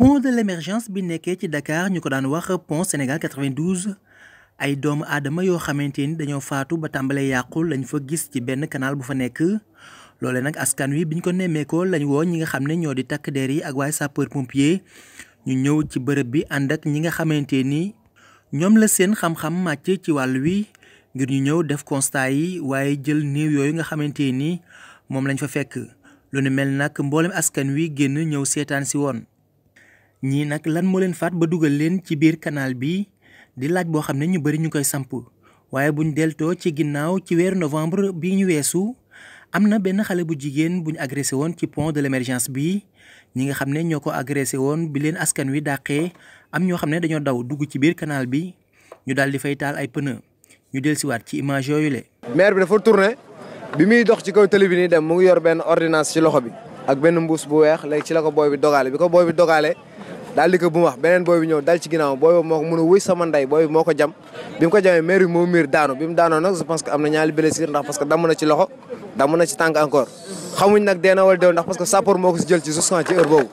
pont de l'émergence bi nekkee ci Dakar ñu ko daan wax pont Sénégal 92 ay doomu aadama yoo xamante ni dañoo faatu ba tàmbalee yàqu lañ fa gis ci benn canal bu fa nekk loole nag askan wi biñ ko nemmeekoo lañ woo ñi nga xam ne ñoo di takk der yi waaye sapeur pompier ñu ñëw ci bërëb bi ànd ak ñi nga xamante ni ñoom la seen xam-xam màcc ci wàll wi ngir ñu ñëw def constat yi waaye jël néew yooyu nga xamante ni moom lañ fa fekk lu ne mel nag mboolem askan wi génn ñëw seetaan si woon. ñii nag lan moo leen faat ba dugal leen ci biir kanaal bi di laaj boo xam ne ñu bëri ñu koy samp waaye buñ deltoo ci ginnaaw ci weeru novembre bi ñu weesu am na benn xale bu jigéen bu ñu agressé woon ci pont de l'émergence bi ñi nga xam ne ñoo ko agressé woon bi leen askan wi dàqee am ñoo xam ne dañoo daw dugg ci biir kanaal bi ñu daal di fay taal ay pneu ñu delsiwaat ci image yooyu le maire bi dafa tourné bi muy dox ci kaw télé bi nii dem mu ngi yor benn ordonnance ci loxo bi ak benn mbuus bu weex léegi ci la ko bi dogaale bi ko booy bi dogaale daal di ko bu beneen booy bi ñëw dal ci ginnaaw booy a wuy sama ndey booy bi moo ko jam bi mu ko jamee maire bi moo miir daanu bi mu nag je pense am na ñaari blessure ndax parce que damm na ci loxo damm na ci tànk encore xamuñ nag deena wala deew ndax parce que moo ko jël ci justement ci heure boobu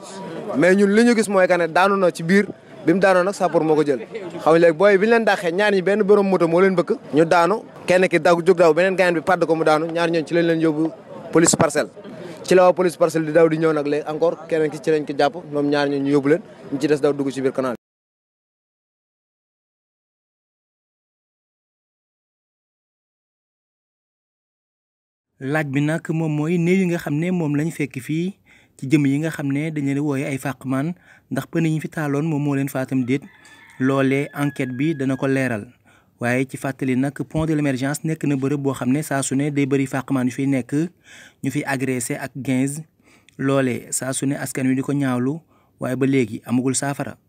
ñun li gis mooy que daanu na ci biir bi mu nag sapeur moo ko jël xam nga léegi booy bi ñu leen dàqee ñaar ñi benn borom moto moo bëkk ñu daanu kenn ki daw jóg daw beneen gaañ bi padd ko mu daanu ñaar ñoon di daw di ñëw nag léegi ki ci lañ ñaar ñoo ñu yóbbu leen ci des daw dugg ci laaj bi nag moom mooy néew yi nga xam ne moom lañ fekk fii ci jëm yi nga xam ne dañu leen wooye ay fàqmaan ndax pën yi ñu fi taaloon moom moo leen faatam déet loole enquête bi dana ko leeral waaye ci fàttali nag point de l'émergence nekk na bërëb boo xam ne saa su ne day bëri fàqmaan yu fiy nekk ñu fi agressé ak 15 loolee saa su ne askan wi di ko ñaawlu waaye ba léegi amagul saafara